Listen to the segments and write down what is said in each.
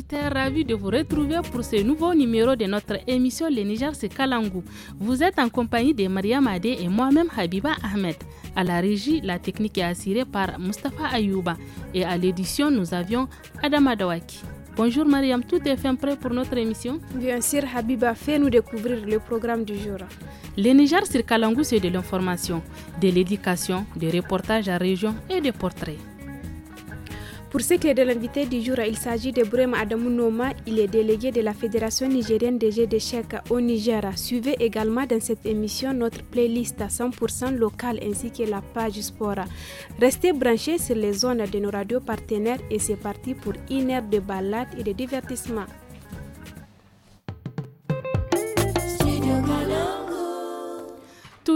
auditeurs, ravi de vous retrouver pour ce nouveau numéro de notre émission Le Niger c'est Kalangou. Vous êtes en compagnie de Mariam Ade et moi-même Habiba Ahmed. À la régie, la technique est assurée par Mustapha Ayouba et à l'édition, nous avions Adam Adawaki. Bonjour Mariam, tout est fin prêt pour notre émission Bien sûr Habiba, fais-nous découvrir le programme du jour. Le Niger sur Kalangou, c'est de l'information, de l'éducation, des reportages à région et des portraits. Pour ce qui est de l'invité du jour, il s'agit de Brema Adamu Noma. Il est délégué de la Fédération nigérienne des jeux d'échecs au Niger. Suivez également dans cette émission notre playlist à 100% locale ainsi que la page sport. Restez branchés sur les zones de nos radios partenaires et c'est parti pour une heure de balade et de divertissement.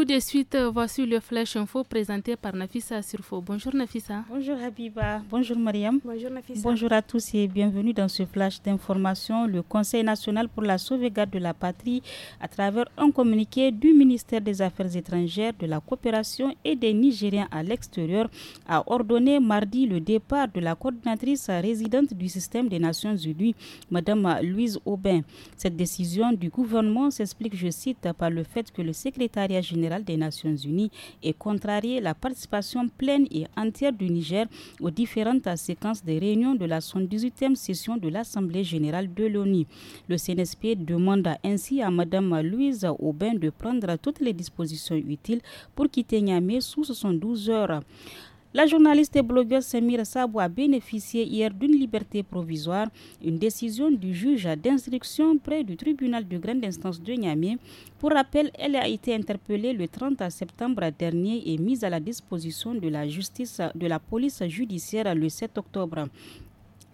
de suite, euh, voici le Flash Info présenté par Nafissa Surfo. Bonjour Nafissa. Bonjour Habiba. Bonjour Mariam. Bonjour Nafissa. Bonjour à tous et bienvenue dans ce flash d'information. Le Conseil national pour la sauvegarde de la patrie, à travers un communiqué du ministère des Affaires étrangères, de la coopération et des Nigériens à l'extérieur, a ordonné mardi le départ de la coordinatrice résidente du système des Nations Unies, Madame Louise Aubin. Cette décision du gouvernement s'explique, je cite, par le fait que le secrétariat général des Nations Unies et contrarié la participation pleine et entière du Niger aux différentes séquences des réunions de la 78e session de l'Assemblée générale de l'ONU. Le CNSP demande ainsi à Madame Louise Aubin de prendre toutes les dispositions utiles pour quitter Niamey sous 72 heures. La journaliste et blogueuse Samira Sabou a bénéficié hier d'une liberté provisoire, une décision du juge d'instruction près du tribunal de grande instance de Niamey. Pour rappel, elle a été interpellée le 30 septembre dernier et mise à la disposition de la justice de la police judiciaire le 7 octobre.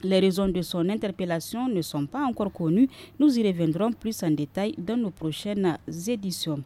Les raisons de son interpellation ne sont pas encore connues. Nous y reviendrons plus en détail dans nos prochaines éditions.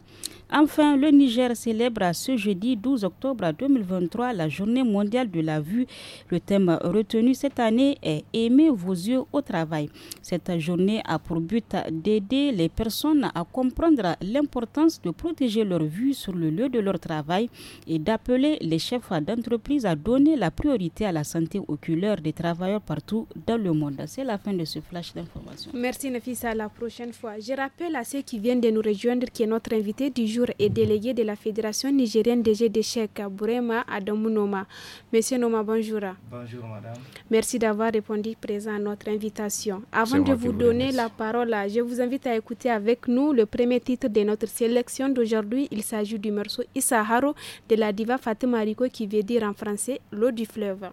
Enfin, le Niger célèbre ce jeudi 12 octobre 2023 la journée mondiale de la vue. Le thème retenu cette année est Aimez vos yeux au travail. Cette journée a pour but d'aider les personnes à comprendre l'importance de protéger leur vue sur le lieu de leur travail et d'appeler les chefs d'entreprise à donner la priorité à la santé oculaire des travailleurs partout dans le monde. C'est la fin de ce flash d'information. Merci Nafisa, à la prochaine fois. Je rappelle à ceux qui viennent de nous rejoindre que notre invité du jour est délégué de la Fédération nigérienne des jeux d'échecs, Burema Adamunoma Noma. Monsieur Noma, bonjour. Bonjour madame. Merci d'avoir répondu présent à notre invitation. Avant de vous donner la parole, je vous invite à écouter avec nous le premier titre de notre sélection d'aujourd'hui. Il s'agit du morceau Isaharo de la diva Fatima Rico qui veut dire en français l'eau du fleuve.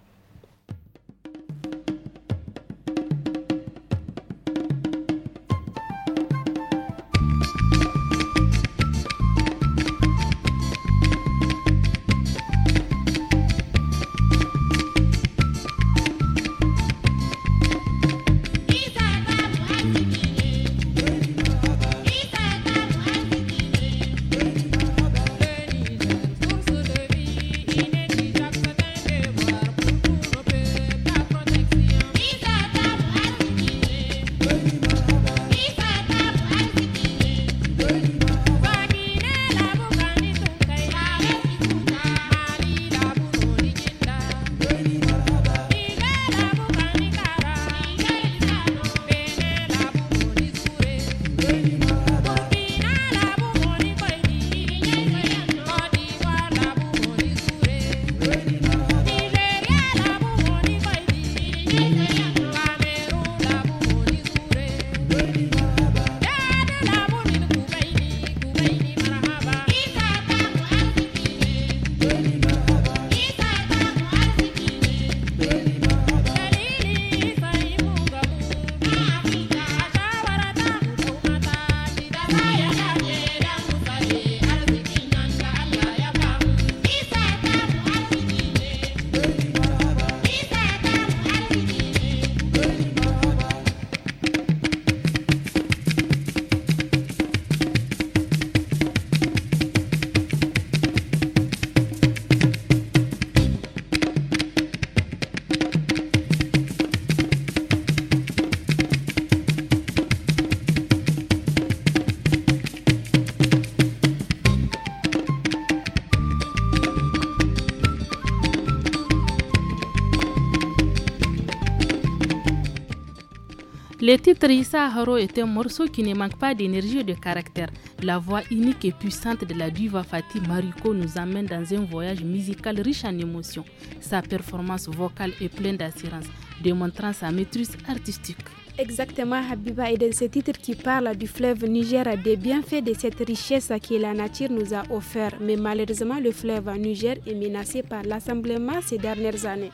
Le titre Issa Haro est un morceau qui ne manque pas d'énergie et de caractère. La voix unique et puissante de la diva Fatih Mariko nous amène dans un voyage musical riche en émotions. Sa performance vocale est pleine d'assurance, démontrant sa maîtrise artistique. Exactement, Habiba, et dans ce titre qui parle du fleuve Niger, des bienfaits de cette richesse que la nature nous a offert. Mais malheureusement, le fleuve Niger est menacé par l'assemblement ces dernières années.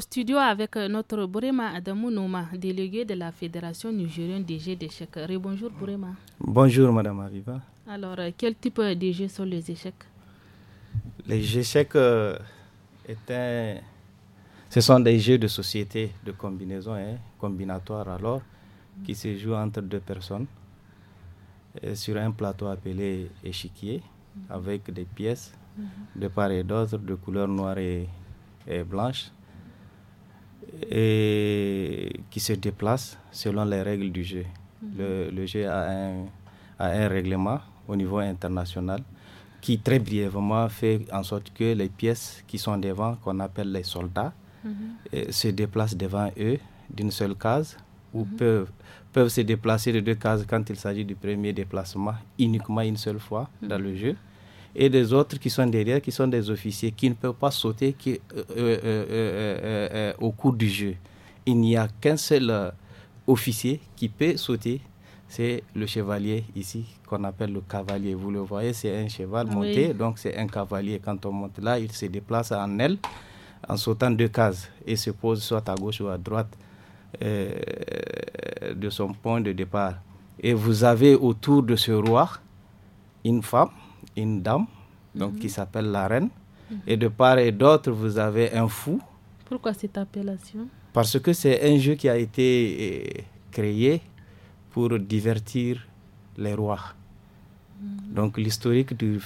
studio avec euh, notre Borema Adamounuma, délégué de la Fédération nigérienne des jeux d'échecs. Bonjour Borema. Bonjour Madame Arriva. Alors, euh, quel type euh, de jeux sont les échecs Les échecs ce sont des jeux de société, de combinaison, hein, combinatoire alors, qui se jouent entre deux personnes sur un plateau appelé échiquier, avec des pièces mhm. de part et d'autre, de couleur noire et blanche et qui se déplace selon les règles du jeu. Mhm. Le, jeu a un, règlement au niveau international qui très brièvement fait en sorte que les pièces qui sont devant, qu'on appelle les soldats, mhm. euh, se déplacent devant eux d'une seule case ou mhm. peuvent, se déplacer de deux cases quand il s'agit du premier déplacement uniquement une seule fois dans le jeu et des autres qui sont derrière, qui sont des officiers, qui ne peuvent pas sauter euh, euh, euh, au cours du jeu. Il n'y a qu'un seul officier qui peut sauter. C'est le chevalier ici qu'on appelle le cavalier. Vous le voyez, c'est un cheval monté, donc c'est un cavalier. Quand on monte là, il se déplace en aile en sautant deux cases et se pose soit à gauche ou à droite de son point de départ. Et vous avez autour de ce roi une femme une dame, donc qui mhm. s'appelle la reine. Et de part et d'autre, vous avez un fou. Pourquoi cette appellation Parce que c'est un jeu qui a été eh, créé pour divertir les rois. Mhm. Donc l'historique eh,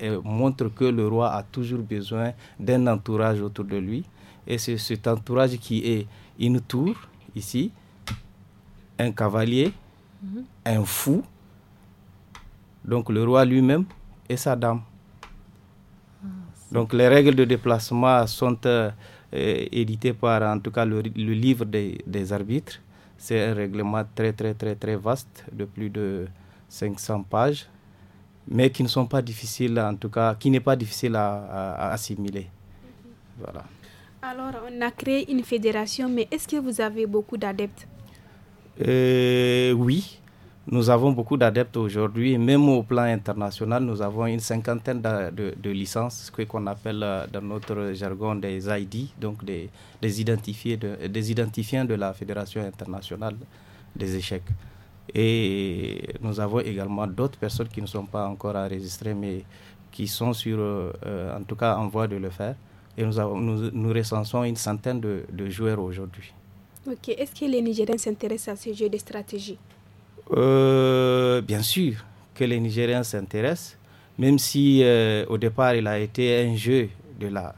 eh, montre que le roi a toujours besoin d'un entourage autour de lui. Et c'est cet entourage qui est une tour ici, un cavalier, mhm. un fou. Donc le roi lui-même et sa dame. Donc les règles de déplacement sont euh, éditées par en tout cas le, livre des, arbitres. C'est un règlement très très très très vaste de plus de 500 pages, mais qui ne sont pas difficiles en tout cas, qui n'est pas difficile à, assimiler. Voilà. Alors, on a créé une fédération, mais est-ce que vous avez beaucoup d'adeptes euh, Oui, nous avons beaucoup d'adeptes aujourd'hui, même au plan international, nous avons une cinquantaine de, licences, ce qu'on appelle euh, dans notre jargon des ID, donc des, des, des identifiants de la Fédération internationale des échecs. Et nous avons également d'autres personnes qui ne sont pas encore enregistrées, mais qui sont sur, euh, euh, en tout cas en voie de le faire. Et nous, nous, recensons une centaine de, joueurs aujourd'hui. est-ce que les Nigériens s'intéressent à ce jeu de stratégie euh, bien sûr que les Nigériens s'intéressent, même si euh, au départ il a été un jeu de la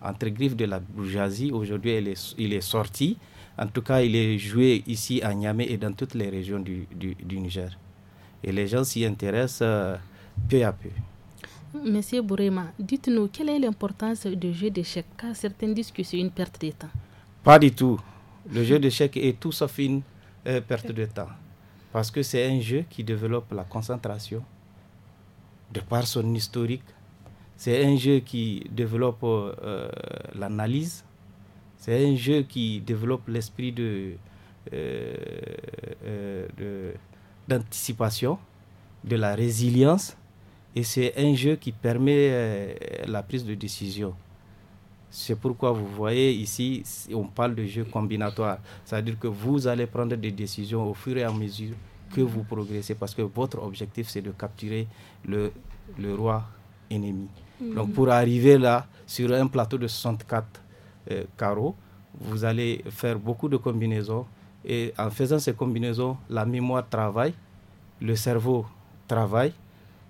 entre griffes de la bourgeoisie. Aujourd'hui, il est, sorti. En tout cas, il est joué ici à Niamey et dans toutes les régions du, du, Niger. Et les gens s'y intéressent euh, peu à peu. Monsieur Bourema, dites-nous quelle est l'importance du jeu d'échecs car certains disent que c'est une perte de temps. Pas du tout. Le jeu d'échecs est tout sauf une perte de temps. Parce que c'est un jeu qui développe la concentration de par son historique. C'est un jeu qui développe euh, l'analyse. C'est un jeu qui développe l'esprit euh, euh, de, d'anticipation, de, la résilience. Et c'est un jeu qui permet la prise de décision. C'est pourquoi vous voyez ici, on parle de jeu combinatoire. C'est-à-dire que vous allez prendre des décisions au fur et à mesure que vous progressez parce que votre objectif, c'est de capturer le, le roi ennemi. Mhm. Donc pour arriver là, sur un plateau de 64 euh, carreaux, vous allez faire beaucoup de combinaisons. Et en faisant ces combinaisons, la mémoire travaille, le cerveau travaille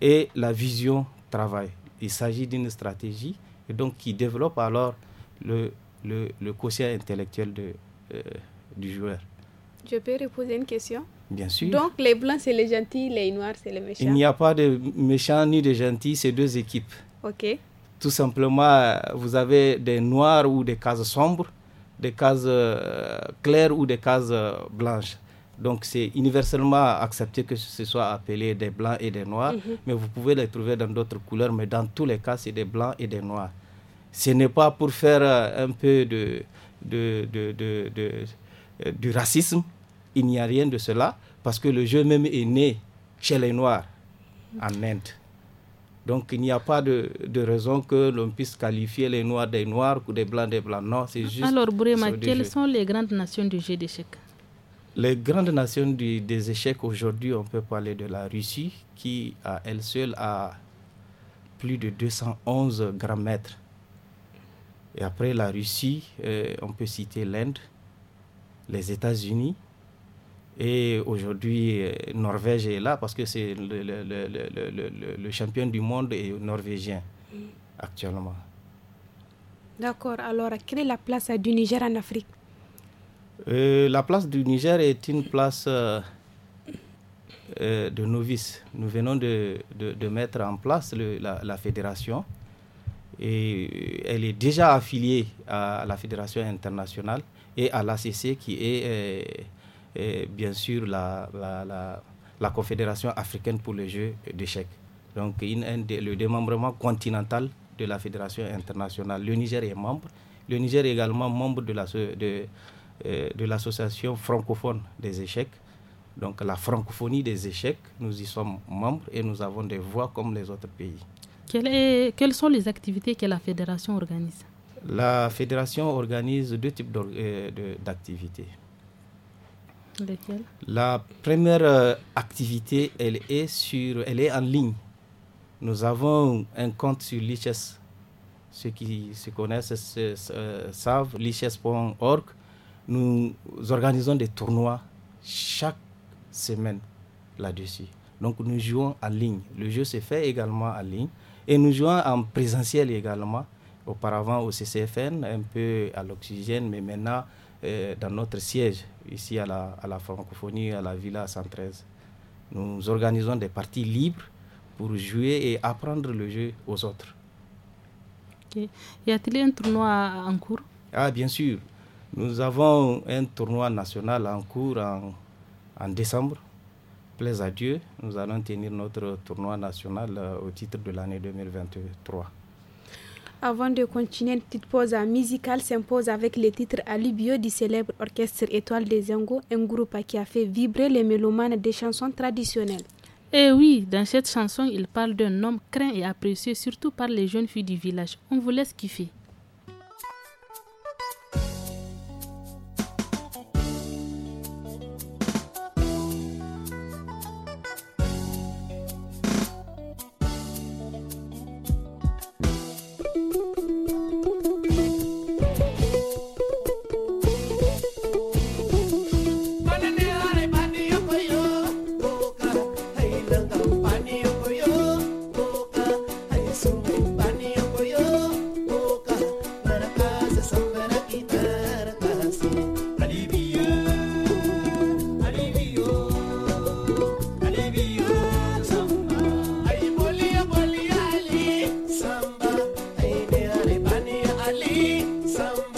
et la vision travaille. Il s'agit d'une stratégie et donc qui développe alors le, le, le quotient intellectuel de, euh, du joueur. Je peux reposer une question Bien sûr. Donc les blancs, c'est les gentils, les noirs, c'est les méchants. Il n'y a pas de méchants ni de gentils, c'est deux équipes. OK. Tout simplement, vous avez des noirs ou des cases sombres, des cases euh, claires ou des cases euh, blanches. Donc c'est universellement accepté que ce soit appelé des blancs et des noirs, mhm. mais vous pouvez les trouver dans d'autres couleurs, mais dans tous les cas, c'est des blancs et des noirs. Ce n'est pas pour faire euh, un peu de, de du racisme, il n'y a rien de cela parce que le jeu même est né chez les Noirs en Inde. Donc il n'y a pas de, raison que l'on puisse qualifier les Noirs des Noirs ou des Blancs des Blancs. Non, c'est juste. Alors, Burema, quelles sont les grandes nations du jeu d'échecs Les grandes nations des échecs aujourd'hui, on peut parler de la Russie qui, à elle seule, a plus de 211 grands mètres. Et après la Russie, euh, on peut citer l'Inde, les États-Unis, et aujourd'hui, euh, Norvège est là parce que c'est le, champion du monde et norvégien actuellement. D'accord. Alors, quelle est la place du Niger en Afrique euh, La place du Niger est une place euh, de novice. Nous venons de, mettre en place la, la, fédération et elle est déjà affiliée à la fédération internationale et à l'ACC qui est et bien sûr la, la, la, Confédération africaine pour le jeu d'échecs. Donc le démembrement continental de la Fédération internationale. Le Niger est membre. Le Niger est également membre de euh, l'association la, de, de francophone des échecs. Donc la francophonie des échecs, nous y sommes membres et nous avons des voix comme les autres pays. quelles sont les activités que la fédération organise La fédération organise deux types euh, d'activités. La première euh, activité, elle est, sur, elle est en ligne. Nous avons un compte sur Lichess. Ceux qui se connaissent se, euh, savent, lichess.org. Nous organisons des tournois chaque semaine là-dessus. Donc nous jouons en ligne. Le jeu se fait également en ligne. Et nous jouons en présentiel également. Auparavant au CCFN, un peu à l'oxygène, mais maintenant euh, dans notre siège ici à la, à la francophonie, à la Villa 113. Nous organisons des parties libres pour jouer et apprendre le jeu aux autres. Y a-t-il un tournoi en cours Ah, bien sûr. Nous avons un tournoi national en cours en, en décembre. Plaise à Dieu, nous allons tenir notre tournoi national euh, au titre de l'année 2023. Avant de continuer, une petite pause musicale s'impose avec le titre Alibio du célèbre orchestre Étoile des Angos, un groupe qui a fait vibrer les mélomanes des chansons traditionnelles. Eh oui, dans cette chanson, il parle d'un homme craint et apprécié surtout par les jeunes filles du village. On vous laisse kiffer. somebody.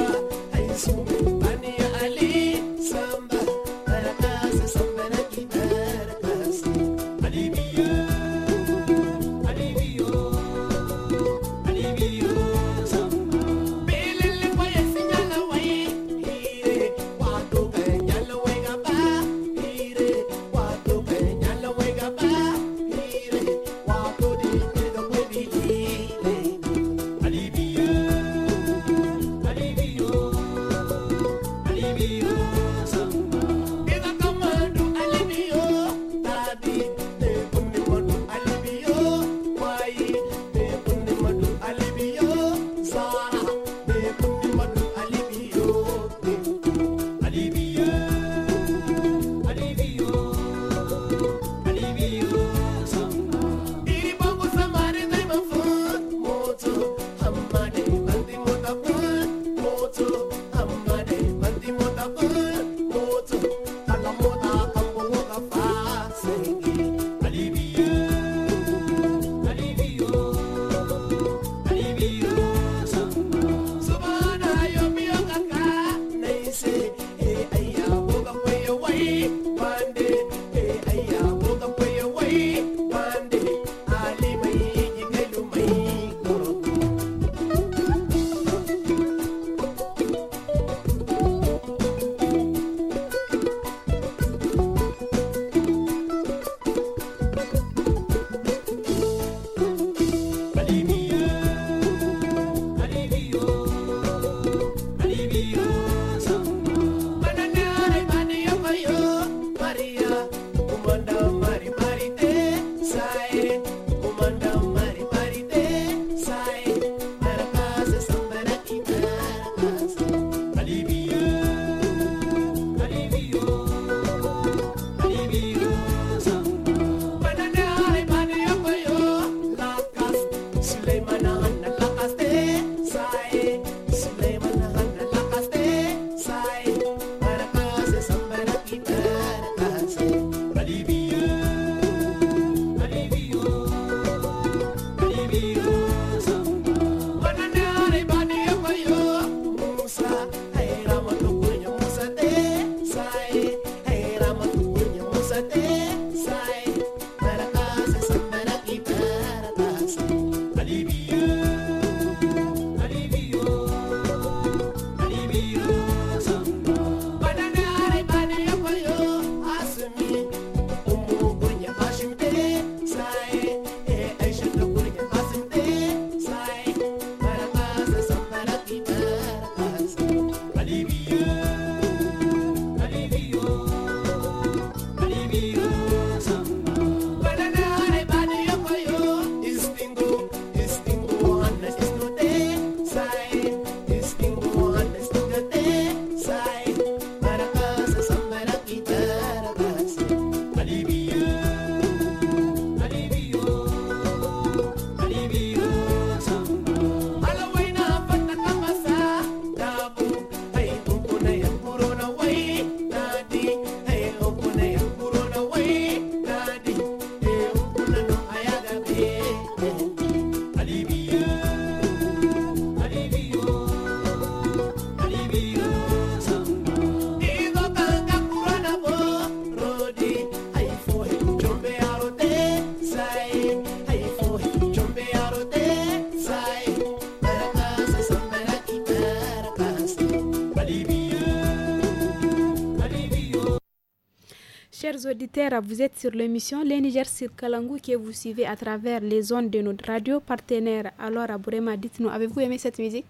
vous êtes sur l'émission Les Niger sur Kalangou que vous suivez à travers les zones de notre radio partenaire. Alors, Abourema, dites-nous, avez-vous aimé cette musique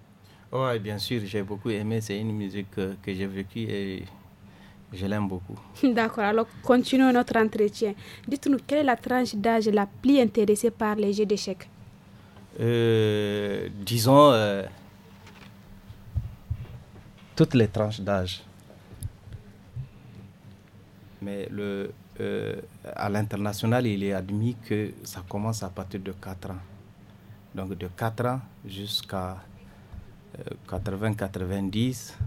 Oui, bien sûr, j'ai beaucoup aimé. C'est une musique que, j'ai vécue et je l'aime beaucoup. D'accord, alors continuons notre entretien. Dites-nous, quelle est la tranche d'âge la plus intéressée par les jeux d'échecs euh, Disons, euh, toutes les tranches d'âge. Mais le, euh, à l'international, il est admis que ça commence à partir de 4 ans. Donc de 4 ans jusqu'à 80-90, euh,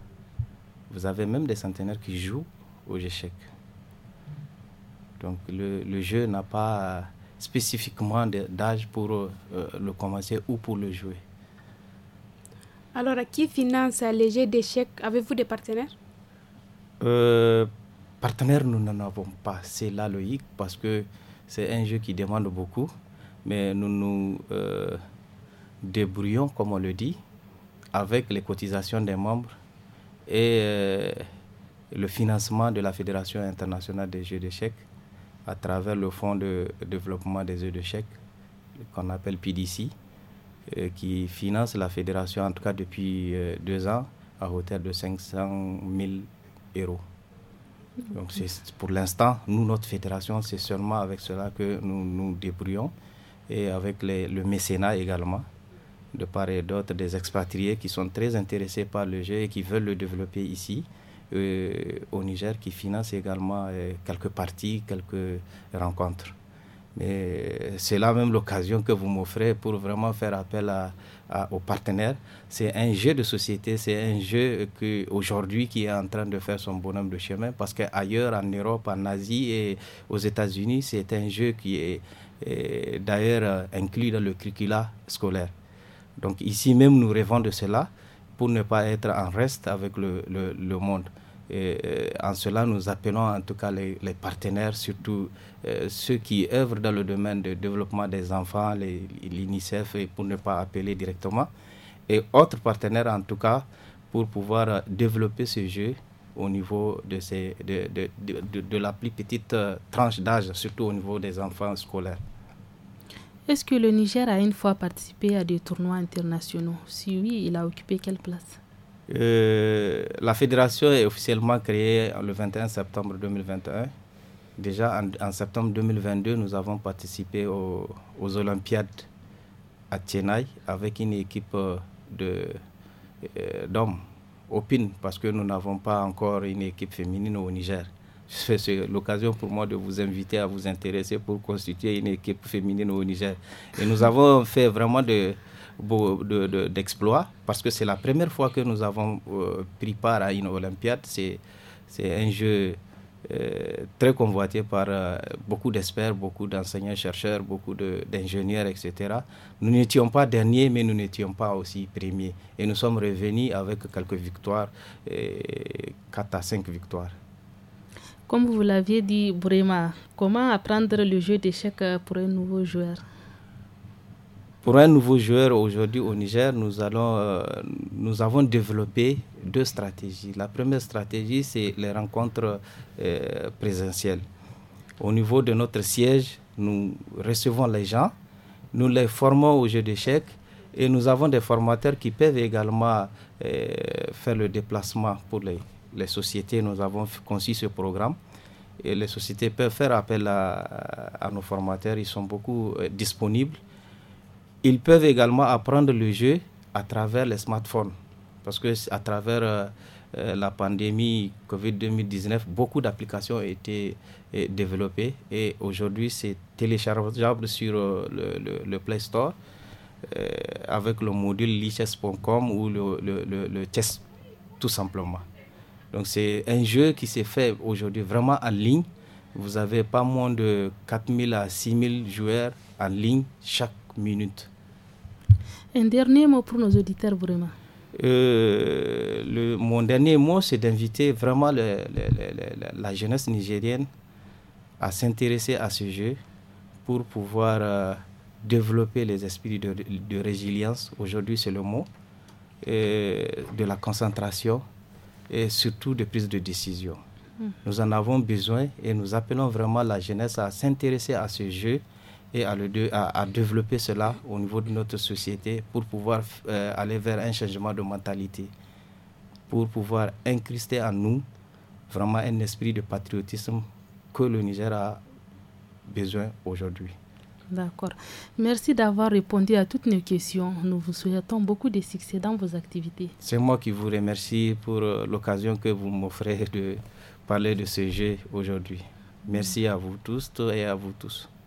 vous avez même des centenaires qui jouent aux échecs. Donc le, jeu n'a pas spécifiquement d'âge pour euh, le commencer ou pour le jouer. Alors, à qui finance les jeux d'échecs Avez-vous des partenaires partenaires, nous n'en avons pas. C'est la logique parce que c'est un jeu qui demande beaucoup, mais nous nous euh, débrouillons, comme on le dit, avec les cotisations des membres et euh, le financement de la Fédération internationale des jeux d'échecs à travers le Fonds de développement des jeux d'échecs qu'on appelle PDC, euh, qui finance la fédération en tout cas depuis deux ans à hauteur de 500 000 euros. Donc c'est pour l'instant, nous, notre fédération, c'est seulement avec cela que nous nous débrouillons et avec le mécénat également, de part et d'autre, des expatriés qui sont très intéressés par le jeu et qui veulent le développer ici. Euh, au Niger qui financent également euh, quelques parties, quelques rencontres. Mais c'est là même l'occasion que vous m'offrez pour vraiment faire appel aux partenaires. C'est un jeu de société, c'est un jeu que, aujourd'hui qui est en train de faire son bonhomme de chemin parce qu'ailleurs, en Europe, en Asie et aux États-Unis, c'est un jeu qui est, d'ailleurs euh, inclus dans le curricula scolaire. Donc ici même, nous rêvons de cela pour ne pas être en reste avec le, le monde. Et euh, en cela, nous appelons en tout cas les, partenaires, surtout euh, ceux qui œuvrent dans le domaine de développement des enfants, l'UNICEF, pour ne pas appeler directement, et autres partenaires en tout cas, pour pouvoir développer ce jeu au niveau de, la plus petite euh, tranche d'âge, surtout au niveau des enfants scolaires. Est-ce que le Niger a une fois participé à des tournois internationaux Si oui, il a occupé quelle place euh, la fédération est officiellement créée le 21 septembre 2021. Déjà en, septembre 2022, nous avons participé aux, Olympiades à Chennai avec une équipe euh, euh, d'hommes, au PIN, parce que nous n'avons pas encore une équipe féminine au Niger. C'est l'occasion pour moi de vous inviter à vous intéresser pour constituer une équipe féminine au Niger. Et nous avons fait vraiment de, d'exploits, de, parce que c'est la première fois que nous avons euh, pris part à une Olympiade. C'est un jeu euh, très convoité par euh, beaucoup d'experts, beaucoup d'enseignants, chercheurs, beaucoup d'ingénieurs, etc. Nous n'étions pas derniers, mais nous n'étions pas aussi premiers. Et nous sommes revenus avec quelques victoires, 4 à 5 victoires. Comme vous l'aviez dit, Brema, comment apprendre le jeu d'échecs pour un nouveau joueur pour un nouveau joueur aujourd'hui au Niger, nous, allons, euh, nous avons développé deux stratégies. La première stratégie, c'est les rencontres euh, présentielles. Au niveau de notre siège, nous recevons les gens, nous les formons au jeu d'échecs et nous avons des formateurs qui peuvent également euh, faire le déplacement pour les, sociétés. Nous avons conçu ce programme et les sociétés peuvent faire appel à nos formateurs. Ils sont beaucoup disponibles. Ils peuvent également apprendre le jeu à travers les smartphones. Parce que à travers euh, euh, la pandémie COVID-2019, beaucoup d'applications ont été euh, développées et aujourd'hui c'est téléchargeable sur le, Play Store avec le module lichess.com ou le, le, chess tout simplement. Donc c'est un jeu qui s'est fait aujourd'hui vraiment en ligne. Vous avez pas moins de 4000 à 6000 joueurs en ligne chaque minute. Un dernier mot pour nos auditeurs, vraiment. Euh, le, mon dernier mot, c'est d'inviter vraiment la jeunesse nigérienne à s'intéresser à ce jeu pour pouvoir euh, développer les esprits de, résilience, aujourd'hui c'est le mot, euh, de la concentration et surtout de prise de décision. Hmm. Nous en avons besoin et nous appelons vraiment la jeunesse à s'intéresser à ce jeu et à, le de, à, développer cela au niveau de notre société pour pouvoir euh, aller vers un changement de mentalité, pour pouvoir incrister en nous vraiment un esprit de patriotisme que le Niger a besoin aujourd'hui. D'accord. Merci d'avoir répondu à toutes nos questions. Nous vous souhaitons beaucoup de succès dans vos activités. C'est moi qui vous remercie pour euh, l'occasion que vous m'offrez de parler de ce jeu aujourd'hui. Merci à vous tous et à vous tous.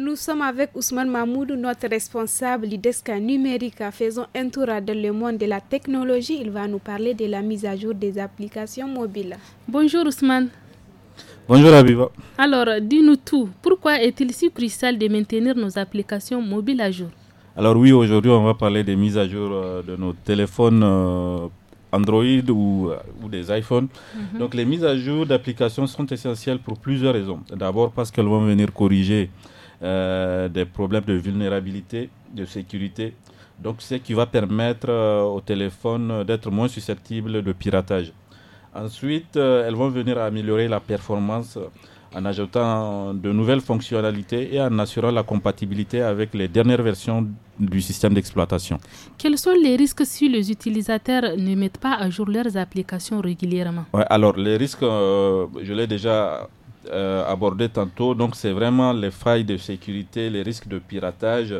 Nous sommes avec Ousmane Mahmoud, notre responsable d'IDESCA numérique. Faisons un tour dans le monde de la technologie. Il va nous parler de la mise à jour des applications mobiles. Bonjour Ousmane. Bonjour Abiba. Alors, dis-nous tout. Pourquoi est-il si crucial de maintenir nos applications mobiles à jour Alors oui, aujourd'hui, on va parler des mises à jour euh, de nos téléphones euh, Android euh, ou, des iPhones. Mhm. Donc les mises à jour d'applications sont essentielles pour plusieurs raisons. D'abord parce qu'elles vont venir corriger euh, des problèmes de vulnérabilité, de sécurité. Donc, ce qui va permettre euh, au téléphone euh, d'être moins susceptible de piratage. Ensuite, elles vont venir améliorer la performance en ajoutant de nouvelles fonctionnalités et en assurant la compatibilité avec les dernières versions du système d'exploitation. Quels sont les risques si les utilisateurs ne mettent pas à jour leurs applications régulièrement Alors, les risques, je l'ai déjà aborder euh, abordé tantôt, donc c'est vraiment les failles de sécurité, les risques de piratage,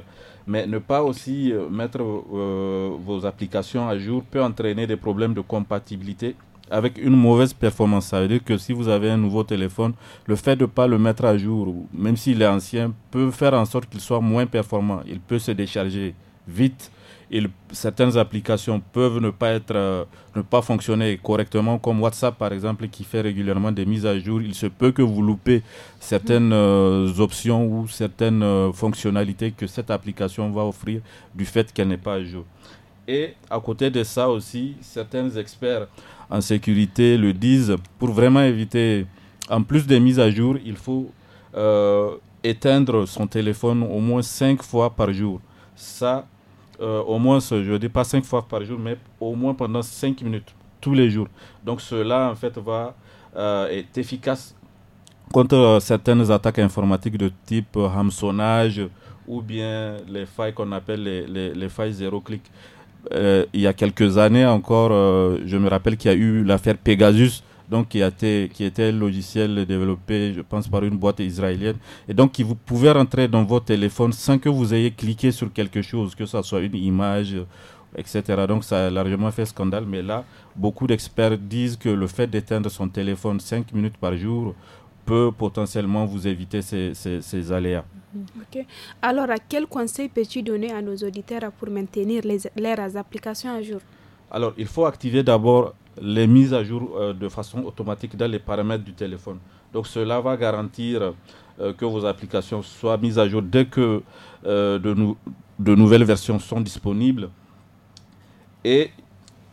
mais ne pas aussi euh, mettre euh, vos applications à jour peut entraîner des problèmes de compatibilité avec une mauvaise performance. Ça veut dire que si vous avez un nouveau téléphone, le fait de ne pas le mettre à jour, même s'il est ancien, peut faire en sorte qu'il soit moins performant. Il peut se décharger vite certaines applications peuvent ne pas, être, euh, ne pas fonctionner correctement, comme WhatsApp par exemple, qui fait régulièrement des mises à jour. Il se peut que vous loupez certaines euh, options ou certaines euh, fonctionnalités que cette application va offrir du fait qu'elle n'est pas à jour. Et à côté de ça aussi, certains experts en sécurité le disent, pour vraiment éviter, en plus des mises à jour, il faut éteindre son téléphone au moins cinq fois par jour. Ça, euh, au moins, je ne dis pas cinq fois par jour, mais au moins pendant cinq minutes tous les jours. Donc cela, en fait, va est euh, efficace contre euh, certaines attaques informatiques de type hameçonnage ou bien les failles qu'on appelle les, les, les, failles zéro clic. il y a quelques années encore, je me rappelle qu'il y a eu l'affaire Pegasus donc qui, était, qui était un logiciel développé, je pense, par une boîte israélienne, et donc qui vous pouvez rentrer dans votre téléphone sans que vous ayez cliqué sur quelque chose, que ce soit une image, etc. Donc ça a largement fait scandale, mais là, beaucoup d'experts disent que le fait d'éteindre son téléphone cinq minutes par jour peut potentiellement vous éviter ces, aléas. Alors, à quel conseil peux-tu donner à nos auditeurs pour maintenir les, leurs applications à jour Alors, il faut activer d'abord les mises à jour euh, de façon automatique dans les paramètres du téléphone. Donc cela va garantir euh, que vos applications soient mises à jour dès que euh, de, nouvelles versions sont disponibles. Et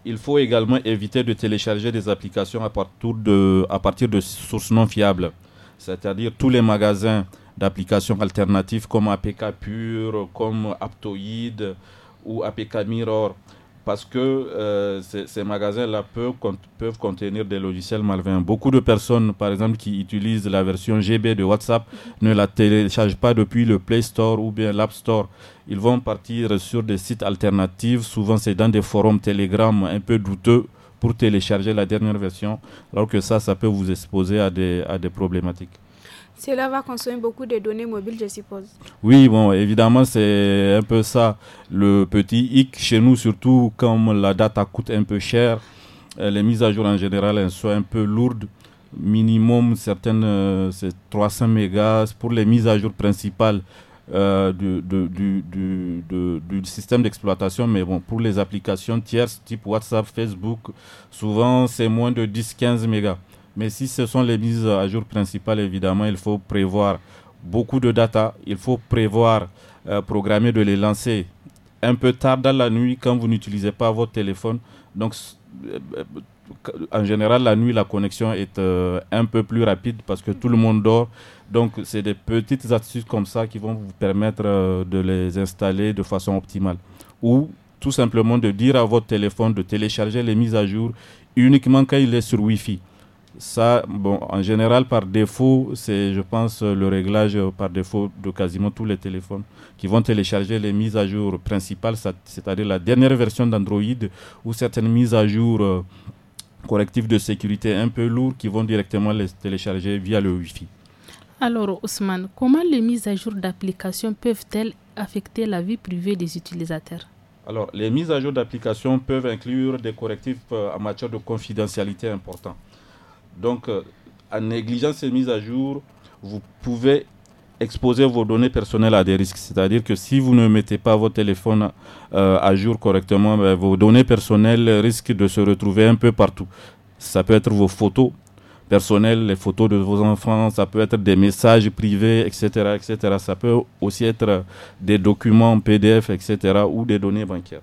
il faut également éviter de télécharger des applications à partir de, à partir de sources non fiables, c'est-à-dire tous les magasins d'applications alternatives comme APK Pure, comme Aptoid ou APK Mirror parce que euh, ces, magasins-là peuvent, contenir des logiciels malveillants. Beaucoup de personnes, par exemple, qui utilisent la version GB de WhatsApp mhm. ne la téléchargent pas depuis le Play Store ou bien l'App Store. Ils vont partir sur des sites alternatifs. Souvent, c'est dans des forums Telegram un peu douteux pour télécharger la dernière version, alors que ça, ça peut vous exposer à des problématiques. Cela va consommer beaucoup de données mobiles, je suppose. Oui, bon, évidemment, c'est un peu ça le petit hic chez nous, surtout comme la data coûte un peu cher. Euh, les mises à jour en général, sont un peu lourdes. Minimum, certaines, euh, c'est 300 mégas pour les mises à jour principales. Euh, du, du, système d'exploitation, mais bon, pour les applications tierces type WhatsApp, Facebook, souvent c'est moins de 10-15 mégas. Mais si ce sont les mises à jour principales, évidemment, il faut prévoir beaucoup de data, il faut prévoir, euh, programmer de les lancer un peu tard dans la nuit quand vous n'utilisez pas votre téléphone. Donc, euh, en général, la nuit, la connexion est euh, un peu plus rapide parce que tout le monde dort. Donc, c'est des petites astuces comme ça qui vont vous permettre de les installer de façon optimale. Ou tout simplement de dire à votre téléphone de télécharger les mises à jour uniquement quand il est sur Wi-Fi. Ça, bon, en général, par défaut, c'est, je pense, le réglage euh, par défaut de quasiment tous les téléphones qui vont télécharger les mises à jour principales, c'est-à-dire la dernière version d'Android ou certaines mises à jour euh, correctives de sécurité un peu lourdes qui vont directement les télécharger via le Wi-Fi. Alors Ousmane, comment les mises à jour d'applications peuvent-elles affecter la vie privée des utilisateurs Alors les mises à jour d'applications peuvent inclure des correctifs euh, en matière de confidentialité importants. Donc, euh, en négligeant ces mises à jour, vous pouvez exposer vos données personnelles à des risques. C'est-à-dire que si vous ne mettez pas votre téléphone euh, à jour correctement, ben, vos données personnelles risquent de se retrouver un peu partout. Ça peut être vos photos personnelles, les photos de vos enfants, ça peut être des messages privés, etc., etc. Ça peut aussi être euh, des documents PDF, etc., ou des données bancaires.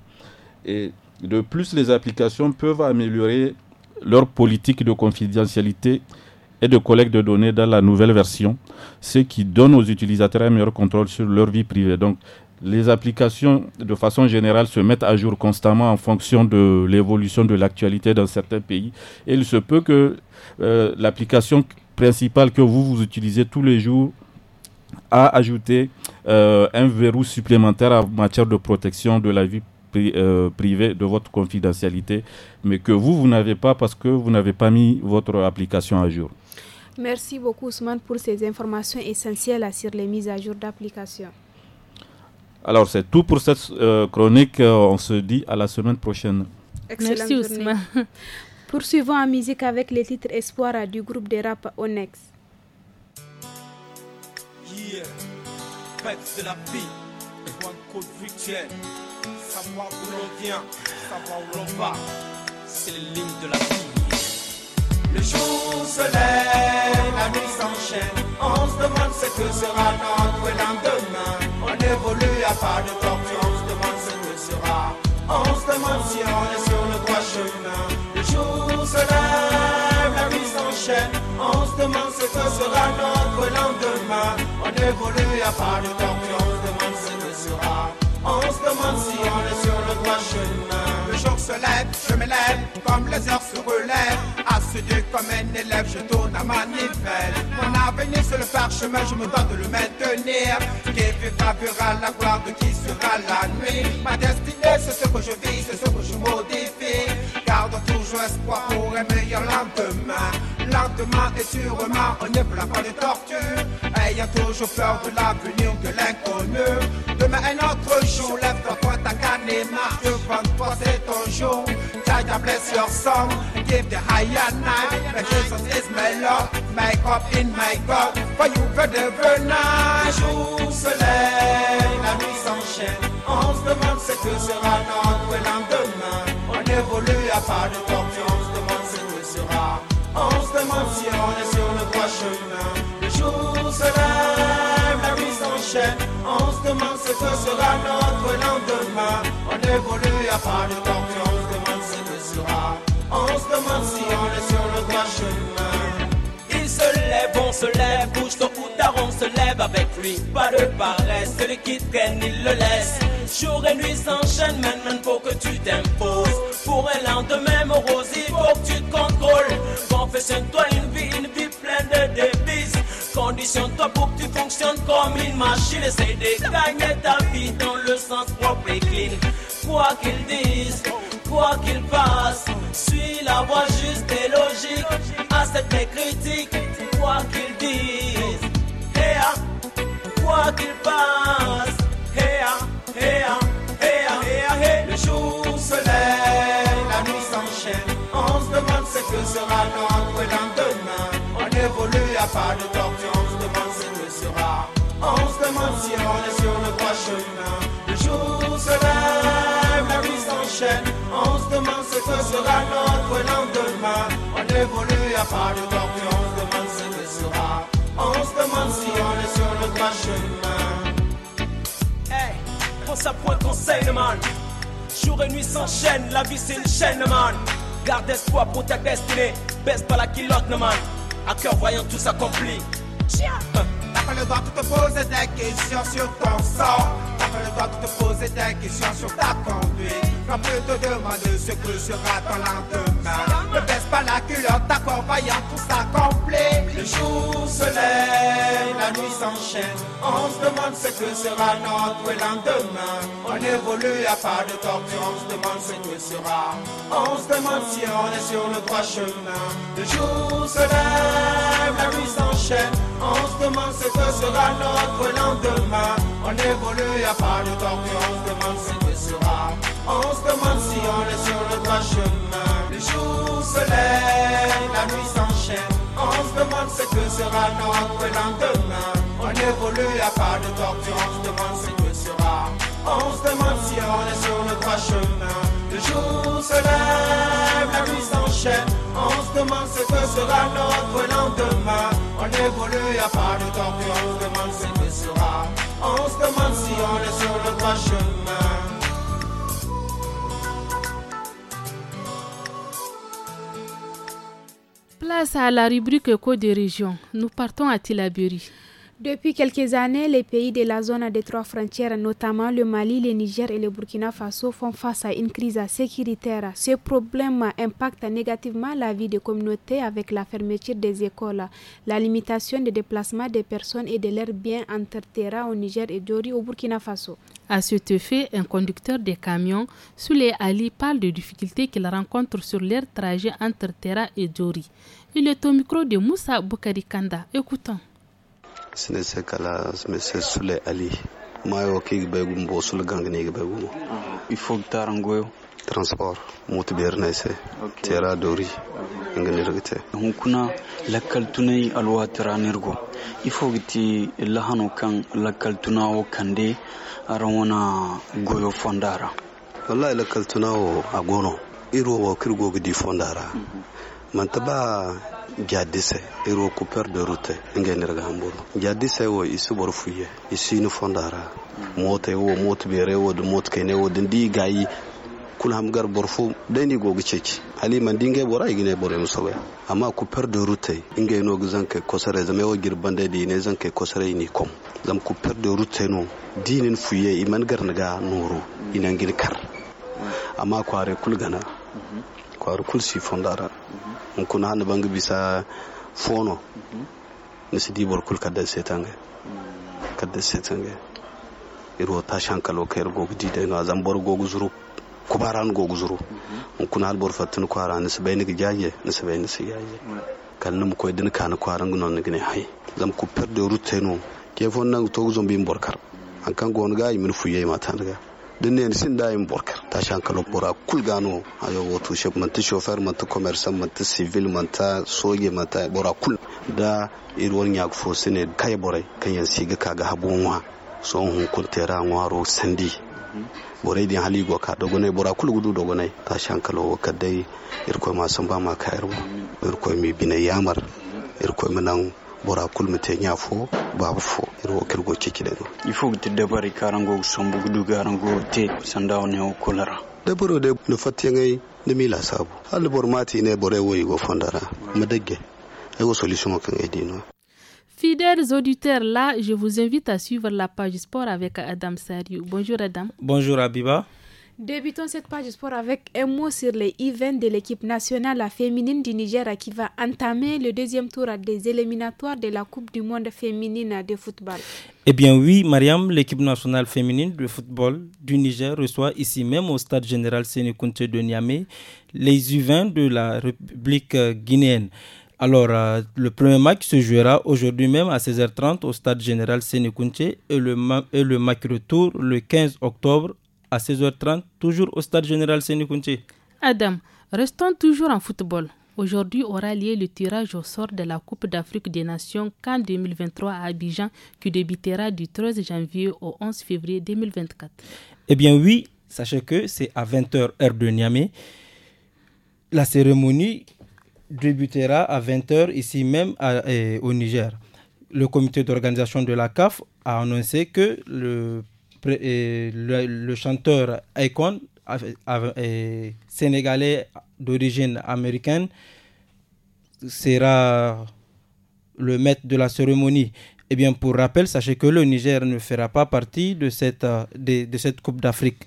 Et de plus, les applications peuvent améliorer leur politique de confidentialité et de collecte de données dans la nouvelle version, ce qui donne aux utilisateurs un meilleur contrôle sur leur vie privée. Donc, les applications, de façon générale, se mettent à jour constamment en fonction de l'évolution de l'actualité dans certains pays. Et il se peut que euh, l'application principale que vous, vous utilisez tous les jours a ajouté euh, un verrou supplémentaire en matière de protection de la vie euh, privé de votre confidentialité, mais que vous, vous n'avez pas parce que vous n'avez pas mis votre application à jour. Merci beaucoup Ousmane pour ces informations essentielles sur les mises à jour d'application. Alors c'est tout pour cette euh, chronique. Euh, on se dit à la semaine prochaine. Excellent Merci Ousmane. Poursuivons en musique avec les titres Espoir du groupe de rap Onex. la savoir où l'on vient, savoir où l'on va, c'est les de la vie. Le jour se lève, la nuit s'enchaîne, on se demande ce que sera notre lendemain. On évolue à pas de tortue, on se demande ce que sera. On se demande si on est sur le droit chemin. Le jour se lève, la nuit s'enchaîne, on se demande ce que sera notre lendemain. On évolue à pas de tortue, on se demande ce que sera. On se demande si on est sur le droit chemin. Le jour se lève, je m'élève, comme les heures se relèvent. Assidu comme un élève, je tourne à ma nivelle. Mon avenir sur le parchemin, je me dois de le maintenir. Qui vivra verra la gloire de qui sera la nuit. Ma destinée, c'est ce que je vis, c'est ce que je modifie. Garde toujours espoir pour un meilleur lendemain. Lentement et sûrement, on ne pas de torture ayant toujours peur de l'avenir, de l'inconnu. Demain un autre jour, lève toi ta canne et marche devant toi, c'est ton jour. Tie ta bless your song, give the higher night. But Jesus is my Lord, my God in my God. For you que venir un jour se lève, la nuit s'enchaîne. On se demande ce que sera notre lendemain. On évolue à part de temps on se demande ce que sera. On se demande si on est sur le droit chemin. On se la nuit s'enchaîne. On se demande ce que sera notre lendemain. On évolue à pas de temps, on se demande ce que sera. On se demande si on est sur le droit chemin. Il se lève, on se lève, bouge ton coutard, on se lève avec lui. Pas de paresse, celui qui traîne, il le laisse. Jour et nuit s'enchaînent, maintenant faut que tu t'imposes. Pour un lendemain morose, il faut que tu te contrôles. Confessionne-toi une vie, une vie pleine de défauts. Conditionne-toi pour que tu fonctionnes comme une machine. Essaye de gagner ta vie dans le sens propre et clean. Quoi qu'ils disent, quoi qu'ils fassent suis la voie juste et logique. Accepte les critiques, quoi qu'ils disent. Hey, ah, quoi qu'ils fassent hey, ah, hey, ah, hey, Le jour se lève, la nuit s'enchaîne. On se demande ce que sera notre lendemain. On évolue à pas de tortue, on se demande ce que sera. On se demande si on est sur le droit chemin. Le jour se lève, la vie s'enchaîne. On se demande ce que sera notre lendemain. On évolue à pas de tortue, on se demande ce que sera. On se demande si on est sur le droit chemin. Hey, pour ça point conseil, man. Jour et nuit s'enchaîne, la vie c'est une chaîne, man. Garde espoir pour ta destinée, baisse pas la culotte, man à cœur voyant tout s'accomplir. T'as pas le droit de te poser des questions sur ton sort. T'as pas le droit de te poser des questions sur ta conduite. Quand plus te demander ce que sera ton lendemain. Ne baisse pas la culotte, ta tout ça complet. Le jour se lève, la nuit s'enchaîne. On se demande ce que sera notre lendemain. On évolue à pas de tortue, on se demande ce que sera. On se demande si on est sur le droit chemin. Le jour se lève, la nuit s'enchaîne. On se demande ce que sera notre lendemain. On évolue à pas de tortue, on se demande ce que sera. On se demande si on est sur le droit chemin. Le jour se lève, la nuit s'enchaîne. On se demande ce que sera notre lendemain. On évolue à pas de torture, on se demande ce que sera. On se demande si on est sur le droit chemin. Le jour se lève, la nuit s'enchaîne. On se demande ce que sera notre lendemain. On évolue à pas de torture, on se demande ce que sera. On se demande si on est sur le droit chemin. Place à la rubrique côte des régions. Nous partons à Tilaburi. Depuis quelques années, les pays de la zone des trois frontières, notamment le Mali, le Niger et le Burkina Faso, font face à une crise sécuritaire. Ce problème impacte négativement la vie des communautés avec la fermeture des écoles, la limitation des déplacements des personnes et de leurs biens entre Terra au Niger et Djori au Burkina Faso. À ce fait, un conducteur de camions, les Ali, parle des difficultés qu'il rencontre sur leur trajet entre Terra et Djori. Il est au micro de Moussa Bukarikanda. Écoutons. sene se kala me se sule ali mayo ki be gum bo sul gang ne be gum uh-huh. il faut tar tarangoyo transport mutu biyar na se tera dori ingani rigite hunkuna lakkal tunai alwa il faut giti lahano kan lakal tunawo kande aran wana goyo fondara wallahi lakal tunawo agono iro wo kirgo gidi fondara uh-huh. mantaba jadise iro coupeur de route ngenerga hamburu jadise wo isi borfuye isi ni fondara mote wo mota bere wo mota kene wo dindi gayi kun fu borfu dani gogu ceci ali man dinge bora igine bore musobe amma coupeur de route inge no zanke kosare zame wo girbande di ne zanke kosare ni kom zam coupeur de route no dinin fuye iman naga nuru inangil kar amma kware kulgana mhm. kware kul si fondara mhm. kuna hannu bangi bisa fono nisi dibor kul tanga setange kadda setange iro ta shankalo kayar gogu dida zan zambar gogu zuru kubaran gogu zuru kuna halbor fatin kwara nisi bai ni jaje nisi bai nisi jaje kan nim koy din kan kwaran gnon ni gine hay zam ku perdo ruteno ke fon nan to zombi borkar an kan gon min yimin fuye mata daga dinne sin da in borkar ta shan bora kul gano ayo wotu shef man ti shofar man ti commerçant man civil man ta soge man ta bora kul da irwon yak fo sine kai borai kan yan siga kaga habon wa so hun kun tera ngwaro sandi borai din hali go ka dogonai bora kul gudu dogonai ta shankalo kadai irko ma san ba ma kayar mu irko mi binai yamar irko mi nan borakul mutenya fo babu fo iro kirgo ciki da no ifo dabari karango sombu gudu garango te sandaw ne o kolara dabaro de no fatiyangai ni mila sabu hal bor mati ne bore woyi go fondara madagge ego solution kan edino Fidèles auditeurs, là, je vous invite à suivre la page sport avec Adam Sariou. Bonjour Adam. Bonjour Abiba. Débutons cette page du sport avec un mot sur les events de l'équipe nationale féminine du Niger qui va entamer le deuxième tour des éliminatoires de la Coupe du monde féminine de football. Eh bien oui, Mariam, l'équipe nationale féminine de football du Niger reçoit ici même au stade général Sénécounte de Niamey les U20 de la République euh, guinéenne. Alors, euh, le premier match se jouera aujourd'hui même à 16h30 au stade général Sénécounté et le, et le match retour le 15 octobre à 16h30, toujours au stade général Adam, restons toujours en football. Aujourd'hui aura lieu le tirage au sort de la Coupe d'Afrique des Nations CAN 2023 à Abidjan qui débutera du 13 janvier au 11 février 2024. Eh bien oui, sachez que c'est à 20h heure de Niamey. La cérémonie débutera à 20h ici même eh, au Niger. Le comité d'organisation de la CAF a annoncé que le le, chanteur Aikon, sénégalais d'origine américaine, sera le maître de la cérémonie. Eh bien, pour rappel, sachez que le Niger ne fera pas partie de cette, euh, de, cette Coupe d'Afrique.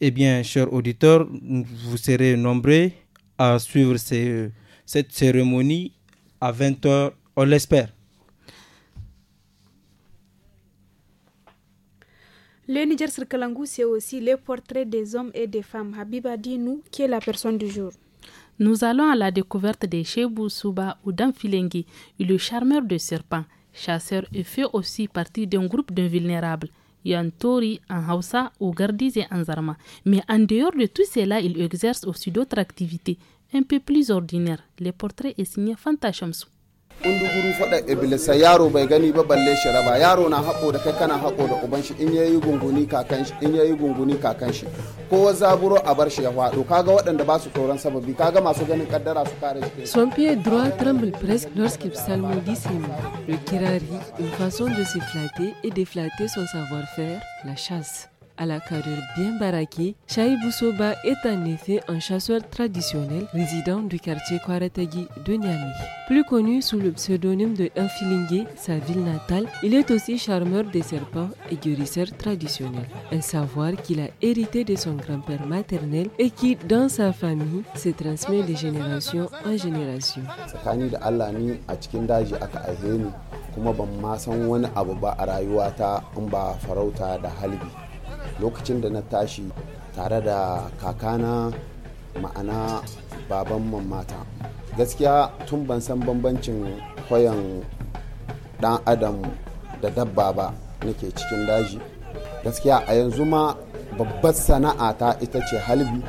Eh bien, chers auditeurs, vous serez nombreux à suivre euh, cette cérémonie à 20h, on l'espère. Le Niger c'est aussi les portraits des hommes et des femmes. Habiba, dis-nous qui est la personne du jour. Nous allons à la découverte de Chebu Souba ou Danfilengi, le charmeur de serpents, chasseur et fait aussi partie d'un groupe d'invulnérables. Yantori en Hausa ou Gardiz et Zarma. Mais en dehors de tout cela, il exerce aussi d'autres activités un peu plus ordinaires. Les portraits est signé Fantashamsu. kunduguru faɗa iblisa yaro bai gani ba balle shi raba yaro na haƙo da kai kana haƙo da uban shi in yayi gunguni kakan shi in yayi gunguni kakan shi kowa zaburo a bar shi ya faɗo kaga waɗanda ba su tsoron sababi kaga masu ganin kaddara su kare shi son pied droit tremble presque lorsque psalmodissime le kirari une façon de se flatter et de flatter son savoir-faire la chasse à la carrière bien baraquée, chahi Boussoba est en effet un chasseur traditionnel résident du quartier Kwarategi de Niamey. Plus connu sous le pseudonyme de Infilingé, sa ville natale, il est aussi charmeur des serpents et guérisseur traditionnel. Un savoir qu'il a hérité de son grand-père maternel et qui, dans sa famille, se transmet de génération en génération. a lokacin da na tashi tare da kakana ma'ana baban mata gaskiya tun ban san bambancin koyon dan adam da dabba ba nake cikin daji gaskiya a yanzu ma babbar sana'a ta ita ce halbi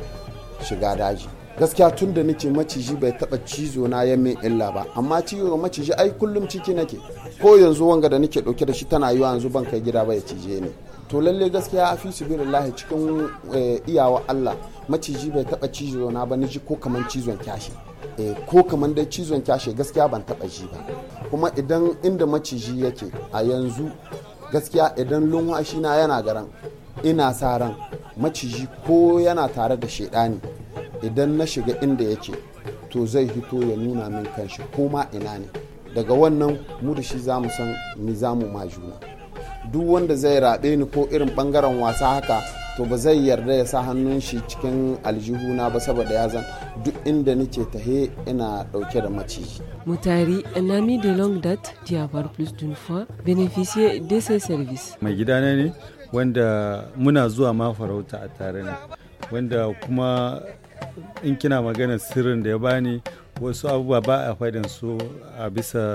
shiga daji gaskiya tun da nake maciji bai taba cizo na ya min illa ba amma ciwo maciji ai kullum ciki nake ko yanzu wanga da nake dauke da shi tana yiwa yanzu ban kai gida ba ya cije ni to lalle gaskiya fi lahi cikin eh, iyawa Allah maciji bai taba cizo na ba ji ko kaman cizon kyashi eh, ko kaman dai cizon kyashi gaskiya ban taba ji ba kuma idan inda maciji yake a yanzu gaskiya idan lunwashi na yana garan ina sa ran maciji ko yana tare da shaidani idan na shiga inda yake to zai hito ya nuna min kanshi ko ma ina ne daga wannan mu da shi za mu san mi za ma juna duk wanda zai raɓe ni ko irin ɓangaren wasa haka to ba zai yarda ya sa hannun shi cikin aljihuna ba saboda ya zan duk inda nake tahe ina dauke da maciji. Mutari, un de long date dia plus d'une fois bénéficier de ce service Mai gida ne wanda muna zuwa ma farauta a tare ne wanda kuma in kina magana sirrin da ya bani wasu abubuwa ba a faɗin su a bisa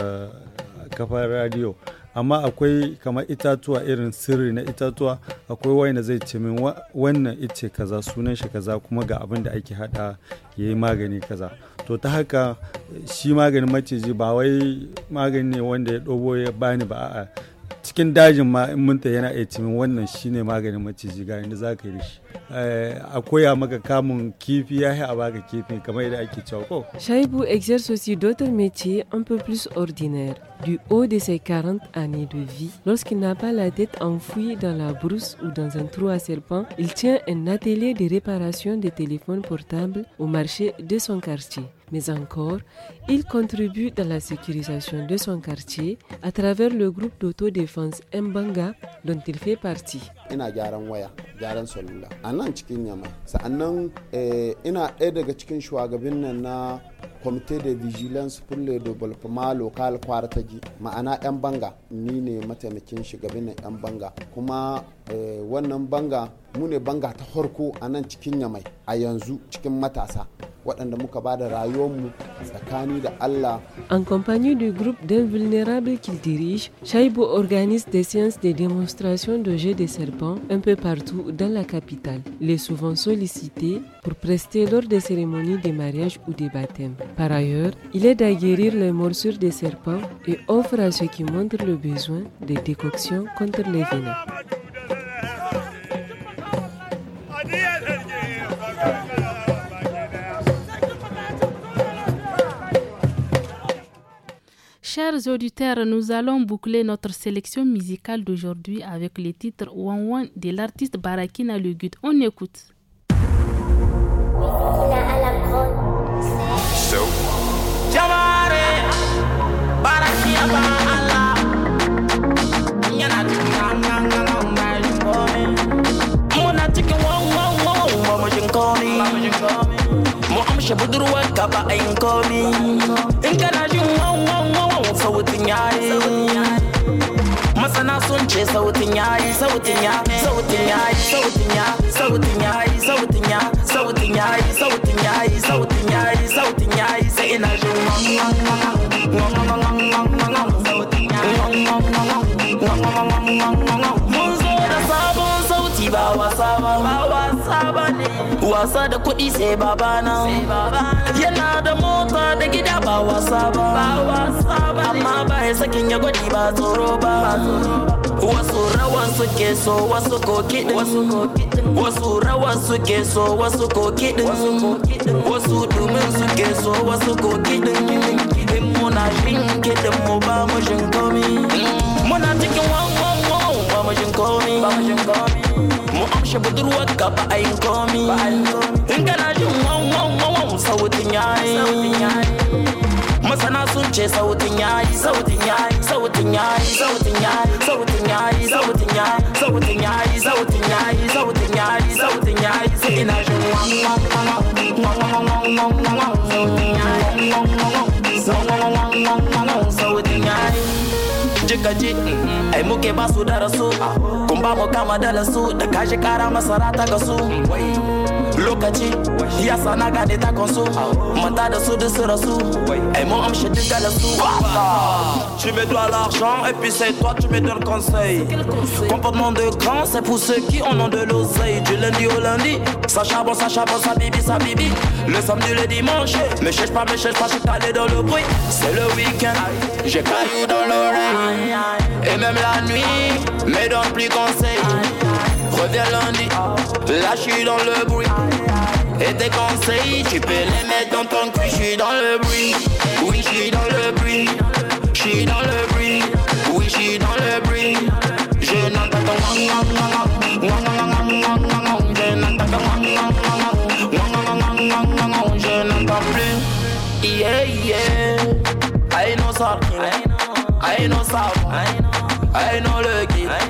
kafar radio. amma akwai kamar itatuwa irin sirri na itatuwa akwai wani zai ce min wannan ice kaza sunan shi kaza kuma ga abin da ake hada ya yi magani kaza to ta haka shi maganin maciji ba wai magani ne wanda ya dobo ya bani ba a cikin dajin ma in mun yana iya cimin wannan shine maganin maciji ga inda za ka yi shi Eh, a a exerce aussi d'autres métiers un peu plus ordinaires. Du haut de ses 40 années de vie, lorsqu'il n'a pas la tête enfouie dans la brousse ou dans un trou à serpent, il tient un atelier de réparation des téléphones portables au marché de son quartier. Mais encore, il contribue dans la sécurisation de son quartier à travers le groupe d'autodéfense Mbanga dont il fait partie. a nan cikin yamai sa'annan eh, ina ɗaya daga cikin shugabannin na comité de vigilance pour le développement local kwartaji ma'ana 'yan banga ni ne mataimakin shugaban 'yan banga kuma eh, wannan banga mu ne banga ta a nan cikin yamai a yanzu cikin matasa waɗanda muka ba da rayuwarmu tsakani da Allah. En compagnie du groupe d'invulnérables qu'il dirige, Shaibu organise des séances de démonstration de jeux de serpents un peu partout dans la capitale. Il est souvent sollicité pour prester lors des cérémonies de mariage ou des baptêmes. Par ailleurs, il aide à guérir les morsures des serpents et offre à ceux qui montrent le besoin des décoctions contre les venins. Chers auditeurs, nous allons boucler notre sélection musicale d'aujourd'hui avec les titres Wan Wan de l'artiste Barakina Lugut. On écoute. kashe budurwar ka ba in komi in kana jin wawan wawan sautin yayi masana sun ce sautin yayi sautin ya sautin yayi sautin ya sautin yayi sautin ya sautin yayi sautin yayi sautin yayi sautin yayi sai ina jin wawan wasa da kuɗi sai babana yana da mota da gida ba wasa ba amma ba ya sakin ya gwadi ba tsoro ba wasu rawan suke so wasu koki wasu rawan suke so wasu koki wasu dumin suke so wasu koki in muna shin kiɗin mu ba mu shin komi muna cikin wan wan wan ba mu shin komi amshe budurwar ka ba a yin komi in kana jin wan wan wan sautin yayi masana sun ce sautin yayi sautin yayi sautin yayi sautin yayi sautin yayi sautin yayi sautin yayi sautin yayi sautin yayi sautin yayi sai ina jin wan wan wan wan wan wan sautin yayi sautin yayi sautin yayi shi ka ji ai muke ba su da rasu kun ba mu kama da lasu da kashi kara masara ta gasu lokaci ya sana gane ta kansu manta da su da su rasu ai mun amshi duka da su tu me dois l'argent et puis c'est toi tu me donnes conseil comportement de grand c'est pour ceux qui en ont de l'oseille du lundi au lundi ça charbonne ça charbonne ça bibi ça bibi le samedi le dimanche me cherche pas me cherche pas je suis allé dans le bruit c'est le week-end j'ai caillou dans l'oreille Et même la nuit Mais donne plus conseil Reviens lundi Là je suis dans le bruit Et tes conseils Tu peux les mettre dans ton cul Je suis dans le bruit Oui je suis dans le bruit Je suis dans le bruit Oui je suis dans le bruit Je n'entends pas killer. I know, no know, I know, no know, I know,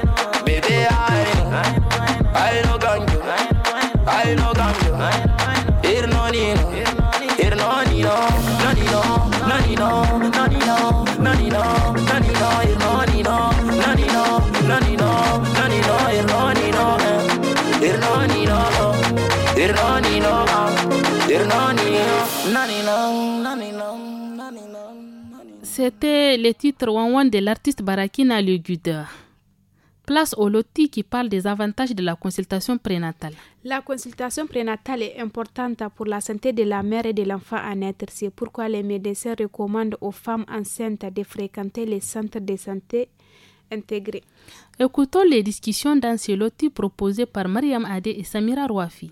C'était le titre Wanwan de l'artiste Barakina Le Place au loti qui parle des avantages de la consultation prénatale. La consultation prénatale est importante pour la santé de la mère et de l'enfant à naître. C'est pourquoi les médecins recommandent aux femmes enceintes de fréquenter les centres de santé intégrés. Écoutons les discussions dans ce loti proposé par Mariam Adé et Samira Rouafi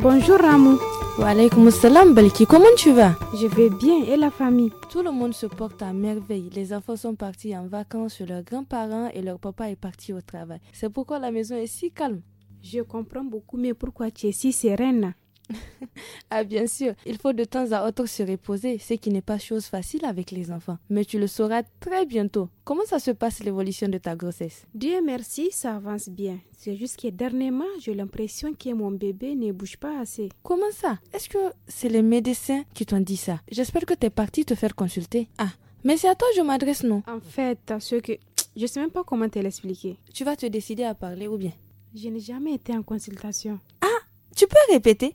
Bonjour Ramou. Wa salam Balki, comment tu vas Je vais bien et la famille. Tout le monde se porte à merveille. Les enfants sont partis en vacances chez leurs grands-parents et leur papa est parti au travail. C'est pourquoi la maison est si calme. Je comprends beaucoup, mais pourquoi tu es si sereine ah bien sûr, il faut de temps à autre se reposer, ce qui n'est pas chose facile avec les enfants. Mais tu le sauras très bientôt. Comment ça se passe l'évolution de ta grossesse Dieu merci, ça avance bien. C'est juste que dernièrement, j'ai l'impression que mon bébé ne bouge pas assez. Comment ça Est-ce que c'est les médecins qui t'ont dit ça J'espère que tu es parti te faire consulter. Ah, mais c'est à toi que je m'adresse, non En fait, ce que... Je sais même pas comment te l'expliquer. Tu vas te décider à parler ou bien Je n'ai jamais été en consultation. Ah, tu peux répéter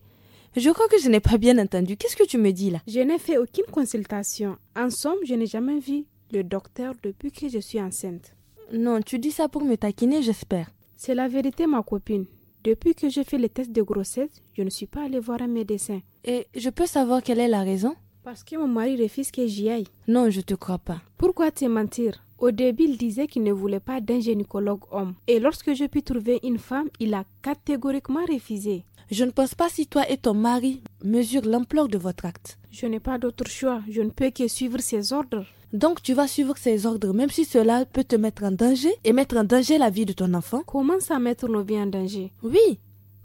je crois que je n'ai pas bien entendu. Qu'est-ce que tu me dis là Je n'ai fait aucune consultation. En somme, je n'ai jamais vu le docteur depuis que je suis enceinte. Non, tu dis ça pour me taquiner, j'espère. C'est la vérité, ma copine. Depuis que j'ai fait les tests de grossesse, je ne suis pas allée voir un médecin. Et je peux savoir quelle est la raison Parce que mon mari refuse que j'y aille. Non, je te crois pas. Pourquoi te mentir Au début, il disait qu'il ne voulait pas d'un gynécologue homme. Et lorsque j'ai pu trouver une femme, il a catégoriquement refusé. Je ne pense pas si toi et ton mari mesurent l'ampleur de votre acte. Je n'ai pas d'autre choix. Je ne peux que suivre ses ordres. Donc tu vas suivre ses ordres, même si cela peut te mettre en danger et mettre en danger la vie de ton enfant. Comment ça mettre nos vies en danger Oui,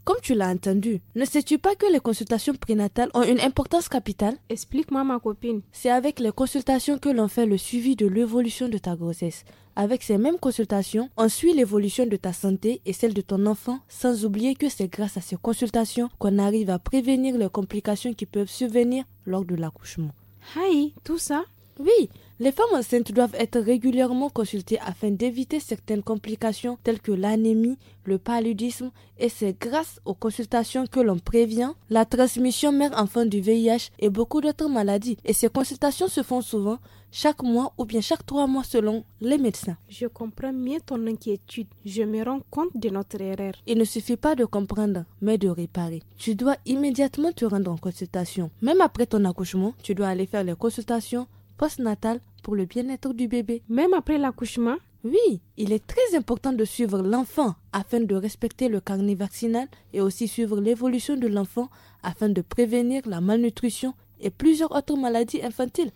comme tu l'as entendu, ne sais-tu pas que les consultations prénatales ont une importance capitale Explique-moi ma copine. C'est avec les consultations que l'on fait le suivi de l'évolution de ta grossesse, avec ces mêmes consultations, on suit l'évolution de ta santé et celle de ton enfant, sans oublier que c'est grâce à ces consultations qu'on arrive à prévenir les complications qui peuvent survenir lors de l'accouchement. Hi, tout ça, oui, les femmes enceintes doivent être régulièrement consultées afin d'éviter certaines complications telles que l'anémie, le paludisme et c'est grâce aux consultations que l'on prévient la transmission mère-enfant du VIH et beaucoup d'autres maladies. Et ces consultations se font souvent chaque mois ou bien chaque trois mois selon les médecins. Je comprends mieux ton inquiétude. Je me rends compte de notre erreur. Il ne suffit pas de comprendre, mais de réparer. Tu dois immédiatement te rendre en consultation. Même après ton accouchement, tu dois aller faire les consultations natal pour le bien-être du bébé. Même après l'accouchement Oui, il est très important de suivre l'enfant afin de respecter le carnet vaccinal et aussi suivre l'évolution de l'enfant afin de prévenir la malnutrition et plusieurs autres maladies infantiles.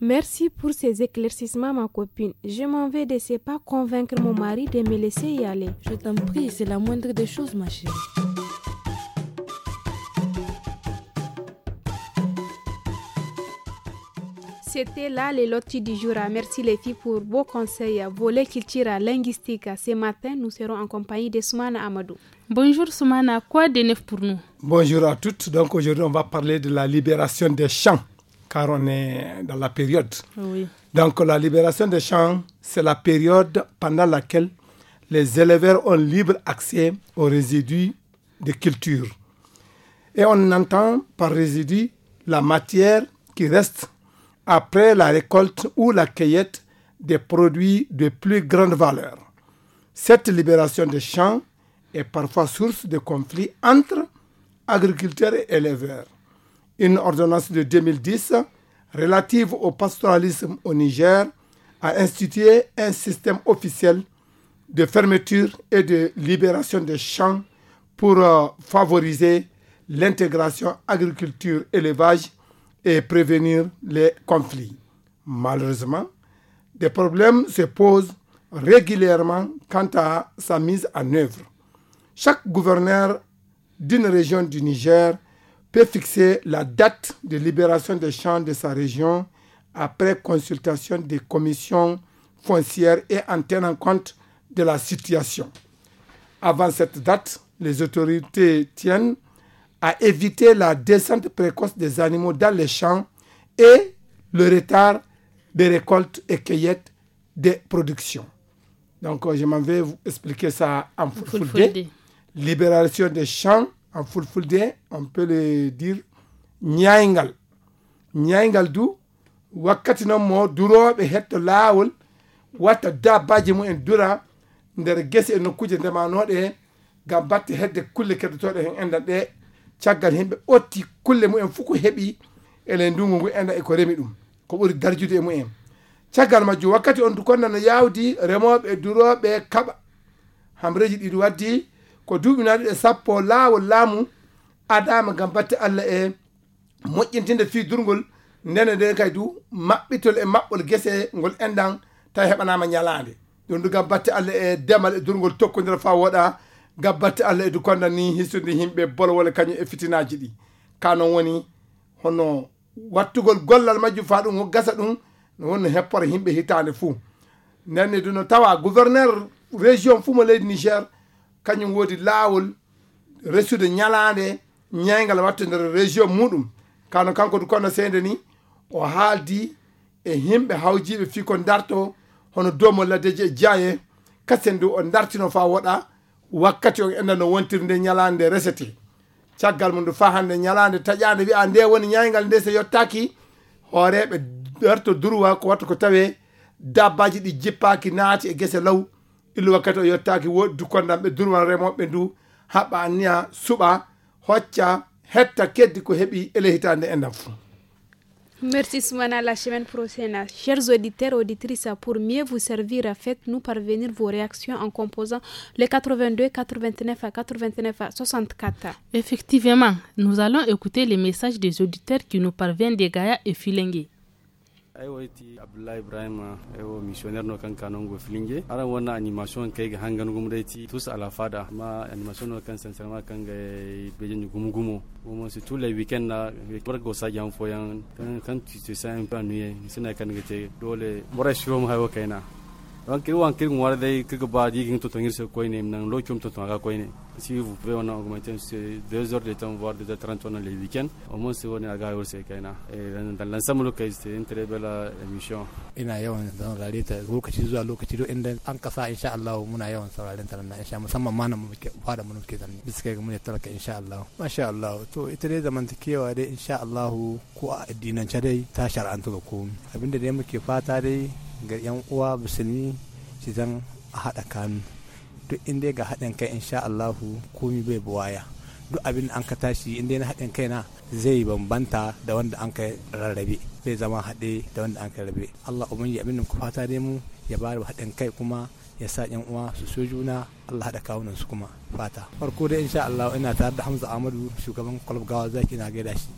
Merci pour ces éclaircissements, ma copine. Je m'en vais de pas convaincre mon mari de me laisser y aller. Je t'en prie, c'est la moindre des choses, ma chérie. c'était là les lotis du jour. Merci les filles pour vos conseils. Volet culture linguistique. Ce matin, nous serons en compagnie de Soumana Amadou. Bonjour Soumana, quoi de neuf pour nous Bonjour à toutes. Donc aujourd'hui, on va parler de la libération des champs, car on est dans la période. Oui. Donc la libération des champs, c'est la période pendant laquelle les éleveurs ont libre accès aux résidus de culture. Et on entend par résidus la matière qui reste après la récolte ou la cueillette des produits de plus grande valeur. Cette libération des champs est parfois source de conflits entre agriculteurs et éleveurs. Une ordonnance de 2010 relative au pastoralisme au Niger a institué un système officiel de fermeture et de libération des champs pour euh, favoriser l'intégration agriculture-élevage et prévenir les conflits. Malheureusement, des problèmes se posent régulièrement quant à sa mise en œuvre. Chaque gouverneur d'une région du Niger peut fixer la date de libération des champs de sa région après consultation des commissions foncières et en tenant compte de la situation. Avant cette date, les autorités tiennent à éviter la descente précoce des animaux dans les champs et le retard des récoltes et cueillettes des productions. Donc, euh, je m'en vais vous expliquer ça en full, full, full Libération des champs en full, full day, on peut le dire nyaingal. Nyaingal du wakati non mo duroɓe hetto wata watta dabbaji mum en dura der gese no e nokkuje ndemanoɗe he gam hedde kulle caggal hen ɓe otti kulle mumen fof ko heeɓi ele ndungu ngu enda eko remi ɗum ko ɓuuri darjude e mumen caggal majjum wakkati on konnano yawdi remoɓe duroɓe kaɓa ham reji ɗiɗi waddi ko duuɓinaɗiɗe sappo laawol laamu adama gam batte allah e moƴƴintinde fi durgol ndene nde kay du maɓɓitol e maɓɓol guese ngol endan taw heɓanama ñalade ɗum du gam batte allah e demal e durgol tokkodira fa woɗa gabbatte allah e du konda ni hisude yimɓe bolwol kañum e fitinaji ɗi kanon woni hono wattugol gollal majju fa ɗum gasa ɗum wonno heppore yimɓe hitande fuu ndenne du no tawa gouverneur région fuu mo leydi niger kañum woodi laawol resude ñalaande ñeygal wattu nder région muɗum kano kanko du kono seede ni o haaldi e himɓe hawjiɓe fii ko darto hono domol laddeji e jaye kasen du o dartino fa woɗa wakkati o enna no wontirde ñalande resete caggal mum ndu fa hande ñalande taƴade wiya nde woni ñaygal nde so yettaki hooreɓe darto durwa ko watta ko tawe dabbaji ɗi jippaki naati e guese law illu wakkati o yettaki wodi dukkondamɓe durwan remoɓe ndu haɓɓa niya suɓa hocca hetta keddi ko heeɓi ele hitande endam fuu Merci Soumana, la semaine prochaine. Chers auditeurs, auditrices, pour mieux vous servir, faites-nous parvenir vos réactions en composant les 82 89 à 89 à 64. Effectivement, nous allons écouter les messages des auditeurs qui nous parviennent des Gaïa et Filengue. aiwa ti abdullahi ibrahim aiwa missionaire no kan kanon go filinge aran wannan animation kai ga hangan gumdai ti tus ala fada ma animation no kan sansar ma kan ga bejin gumu gumu gumu si tous les weekend na bar go sa jam foyan kan kan ti ti sa en panuye sina kan ga te dole bora shiro mu haiwa kaina kiri wanki wanki ngwar dai kiri ba di ging to tangir se koi ne nang lo chum to tanga koi ne si vous pouvez on augmenter c'est 2 heures de temps voire 2 heures 30 on les week-ends au moins si on a ga ur se kaina et dans l'ensemble kay c'est une très belle émission ina yawan saurare ta lokaci zuwa lokaci do inda an kasa insha Allah muna yawan sauraren ta nan insha musamman ma nan muke fara mun muke zanni biske ga mun tarka insha Allah masha Allah to ita dai zamantakewa dai insha Allah ko a addinance dai ta shar'anta ga komai abinda dai muke fata dai ga 'yan uwa musulmi su zan a haɗa kanu duk inda ga haɗin kai insha Allahu komi bai buwaya duk abin an ka tashi inda na haɗin kai na zai bambanta da wanda an ka rarrabe zai zama haɗe da wanda an ka rarrabe Allah ubangi abin ku fata dai mu ya ba haɗin kai kuma ya sa yan uwa su so juna Allah haɗa kawunan su kuma fata farko dai insha allahu ina tare da Hamza Ahmadu shugaban Kulub gawa zaki na gaida shi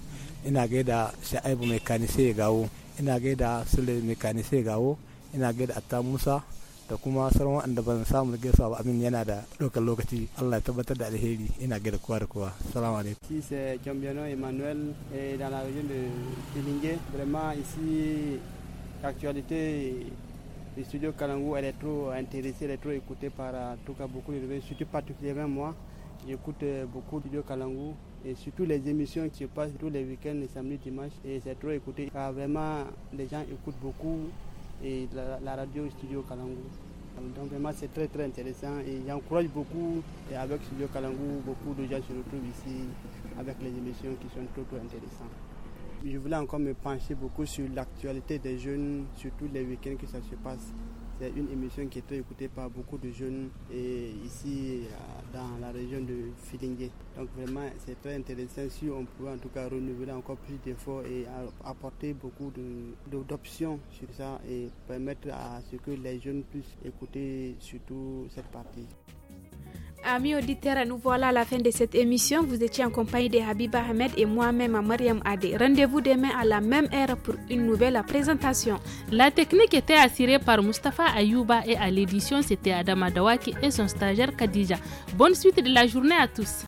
ina gaida Sha'ibu mai kani sai ya gawo inage da sule mekanise gawo ina gaida atta musa da kuma sauran waɗanda ban samu gaisa ba amin yana da ɗaukar lokaci Allah ya tabbatar da alheri ina gaida kowa da kowa salamu alaikum si c'est Cambiano Emmanuel et dans la région de Tilingue. vraiment ici l'actualité du studio Kalangu elle est trop intéressée elle est trop écoutée par en tout cas beaucoup de surtout particulièrement moi j'écoute euh, beaucoup de studio Kalangu et surtout les émissions qui se passent tous les week-ends, les samedis, dimanches, et c'est trop écouté. vraiment, les gens écoutent beaucoup et la, radio Studio Kalangu. Donc vraiment c'est très très intéressant et j'encourage beaucoup et avec Studio Kalangu, beaucoup de gens se retrouvent ici avec les émissions qui sont trop, trop intéressantes. Je voulais encore me pencher beaucoup sur l'actualité des jeunes, surtout les week-ends que ça se passe. C'est une émission qui très écoutée par beaucoup de jeunes et ici euh, dans la région de Filingue. Donc vraiment, c'est très intéressant si on pouvait en tout cas renouveler encore plus d'efforts et apporter beaucoup d'options sur ça et permettre à ce que les jeunes puissent écouter surtout cette partie. Amis auditeurs, nous voilà à la fin de cette émission. Vous étiez en compagnie de Habib Ahmed et moi-même à Mariam Adé. Rendez-vous demain à la même heure pour une nouvelle présentation. La technique était assurée par Mustapha Ayouba et à l'édition, c'était Adama Dawaki et son stagiaire Khadija. Bonne suite de la journée à tous.